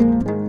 thank you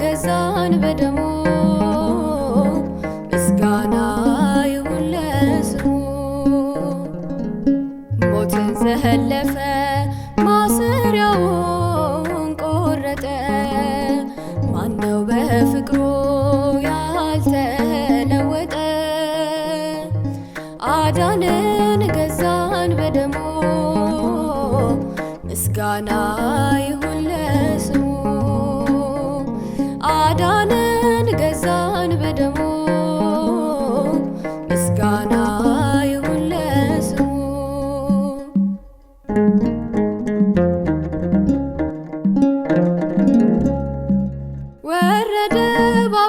ገዛን በደሙ ምስጋና ይሁን ለስሙ። ሞትን ዘለፈ ማሰሪያውን ቆረጠ። ማነው በፍቅሩ ያልተለወጠ? አዳንን ገዛን በደሙ ምስጋና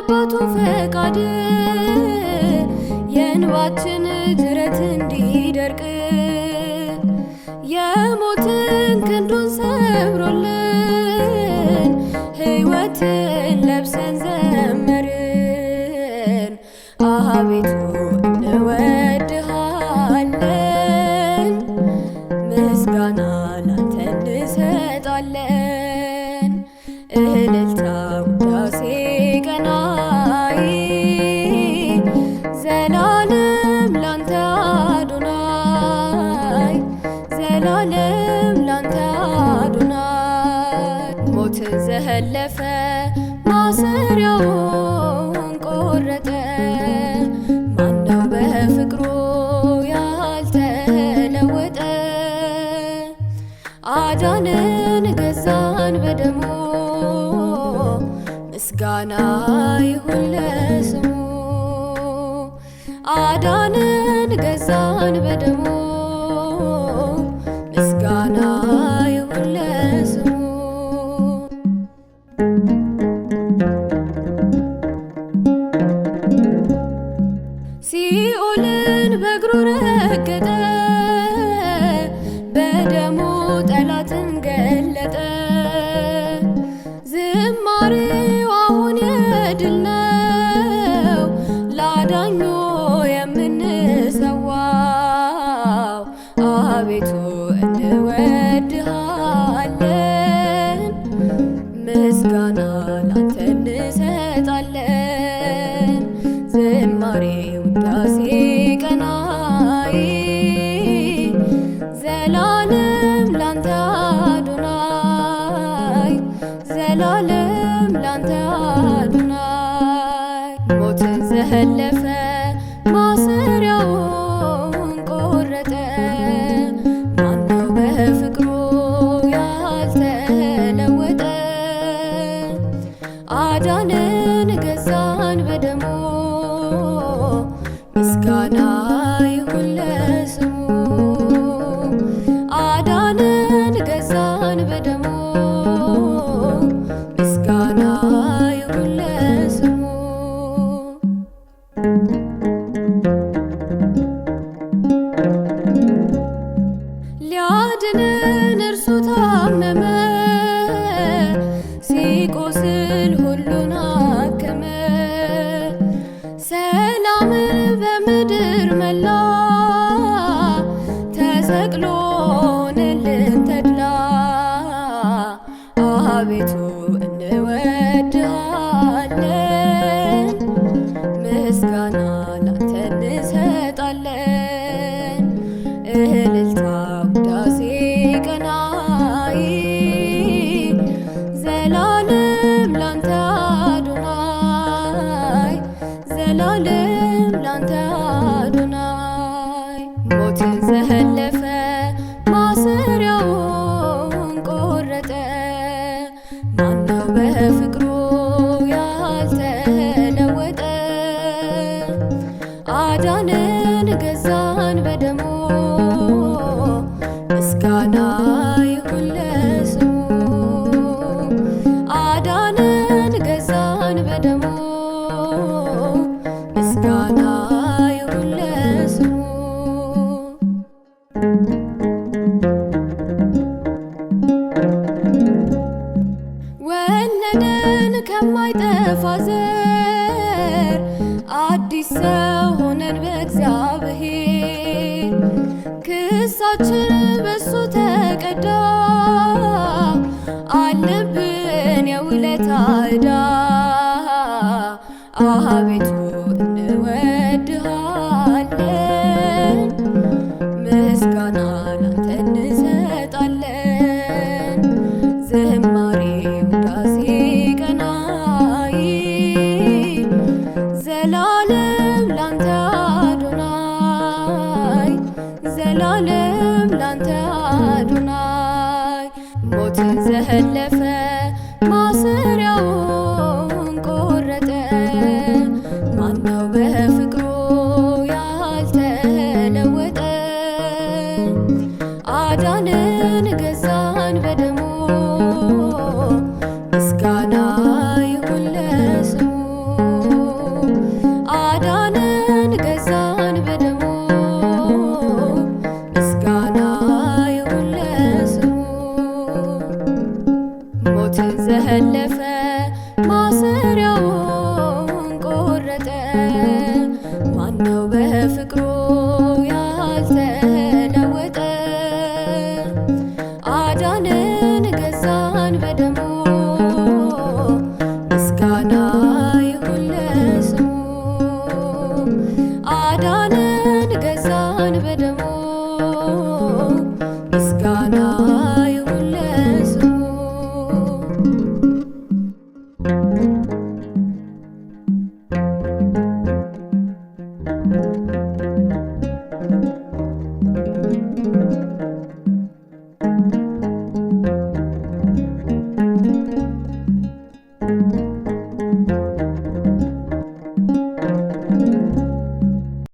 የአባቱን ፈቃድ የእንባችን ጅረት እንዲደርቅ የሞትን ክንዱን ሰብሮልን ሕይወትን ለብሰን ዘመርን አቤቱ እንወድሃለን ምስጋና ላንተ እንሰጣለን እልልታ ለዘላለም ላንተ አዱናይ ሞት ዘህለፈ ማሰሪያውን ቆረጠ ማነው በፍቅሩ ያልተለወጠ አዳነን ገዛን በደሙ ምስጋና ይሁን ለስሙ አዳንን ገዛን በደሙ አቤቱ እንወድሃ Thank you. ሆነን ከማይጠፋ ዘር አዲስ ሰው ሆነን በእግዚአብሔር ክሳችን በሱ ተቀዳ አለብን የውለታ ዕዳ አቤቱ ሞት ዘለፈ ማሰሪያውን ቆረጠ። ማነው በፍቅሩ ያልተለወጠ አዳነን ገ